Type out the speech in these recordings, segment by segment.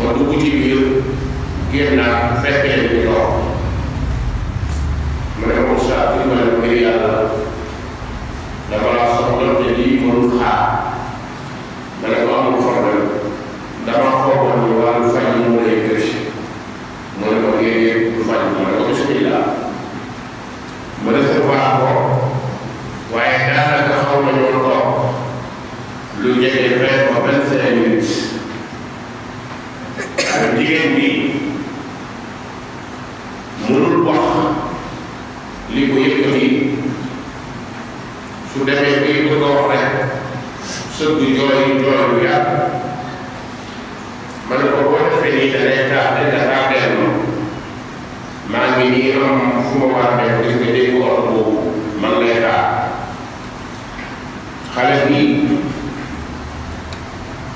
ma dugg ci biir ngir naa fekkee ñu lor ma ne ko saa fi ma ne ngir yàlla dama laa soxla te lii mënul xaar ma ne ko amul sudah happy pun oleh sebujoi joi ya mana kau pun feli dari kahde kahde no mami ni ram semua kahde pun jadi kuat bu mengleka kalau ni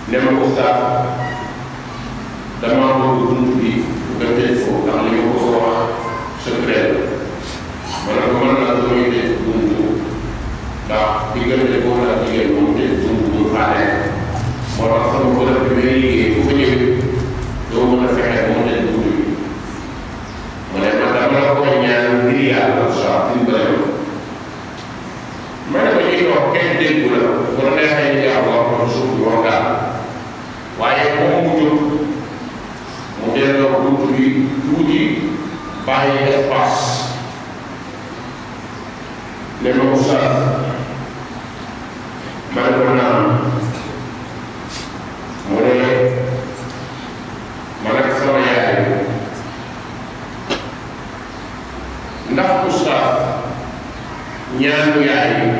nama kita dalam bulu bulu di bentuk fuh dalam bulu bulu sekret diggante góor ak jigéen moom de du du faale moo tax sama góor bi ngay liggéey bu fa ñëwee mën a fexe moom de du dugg mu ne man dama la ko ñaan ngir yàlla soit fi mu bëri ma ne ko ñuy wax kenn déggu la bu la neexee ñu jaaw wax ko suuf bi wax daal waaye moom mu jóg mu delloo buntu bi tuuti bàyyi espace ne ma ko saa bagaimana boleh mereka seraya nak usah nyanyi ayu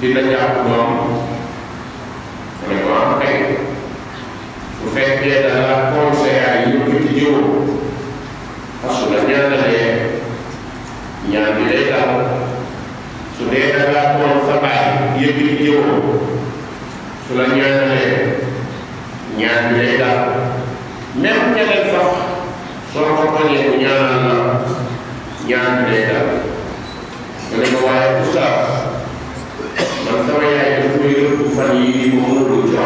di tengah gunung oleh bangkai Ufek dalam konsep ayu itu jauh asalnya dari nyanyi sudah dalam dia pergi jauh selanjutnya nya mereka memang jangan sah seorang orang yang punya nya mereka kalau bawa itu sah masa saya itu punya bukan ini mau lucu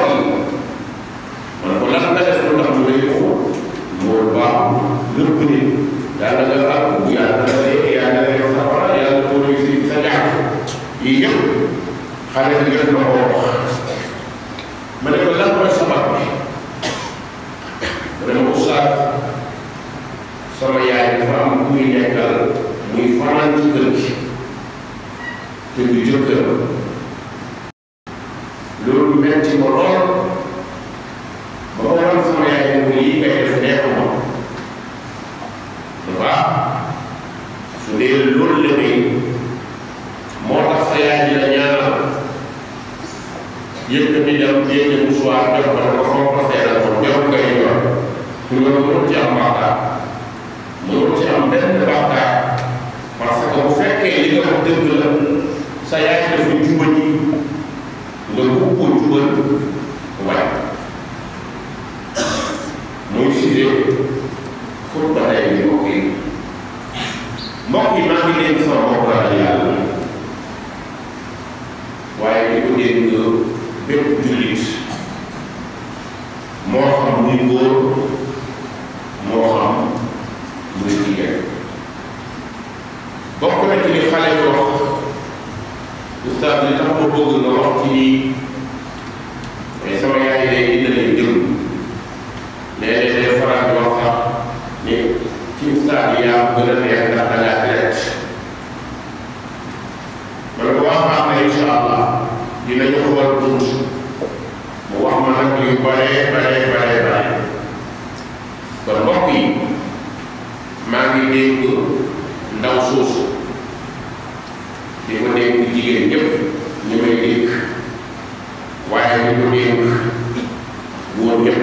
mana pernah kita sudah mulai itu sudah bawa lebih dalam dalam dia ada dia ada yang sama xale bi gën na ko wax ma ne ko lan mooy sama bi ma ne ko saak sama yaay dafa yéene mouchoir jox ko ko foo ko seeral ko jox ngay yor loolu mënul ci am bàkkaar mënul ci am benn bàkkaar parce nga wax dëgg la sa yaay dafa jubal yi nga bëgg koo jubal waaye muy sujet pour ba tey bi mbokk yi mbokk yi maa ngi leen sama mbokk yàlla waaye di ko bépp jullit moo xam muy góor moo xam muy jigéen bokk na ci li xale yi wax ustaas li tax ma bëgg nga wax ci lii mais sama yaay day dina leen déglu léeg-léeg day faral di wax sax ne dénk ndaw soosu di ko dénk jigéen ñépp ñu may dénk waaye di ko dénk góor ñépp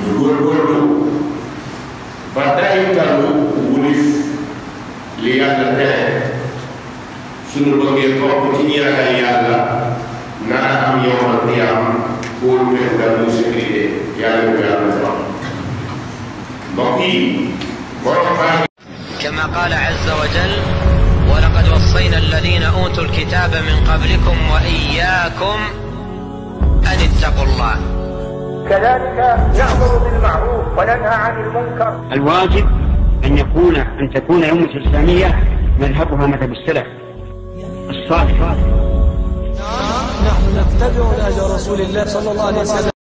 ñu góorgóorlu ba day talu wulif li yàlla tere suñu bëggee bokk ci ñi ragal yàlla nar a am yowmal qiyaam kóolu mel daal muy sécurité كما قال عز وجل ولقد وصينا الذين اوتوا الكتاب من قبلكم واياكم ان اتقوا الله كذلك نامر بالمعروف وننهى عن المنكر الواجب ان يكون ان تكون الامه الاسلاميه مذهبها مذهب السلف الصالح نحن نتبع الاجر رسول الله صلى الله عليه وسلم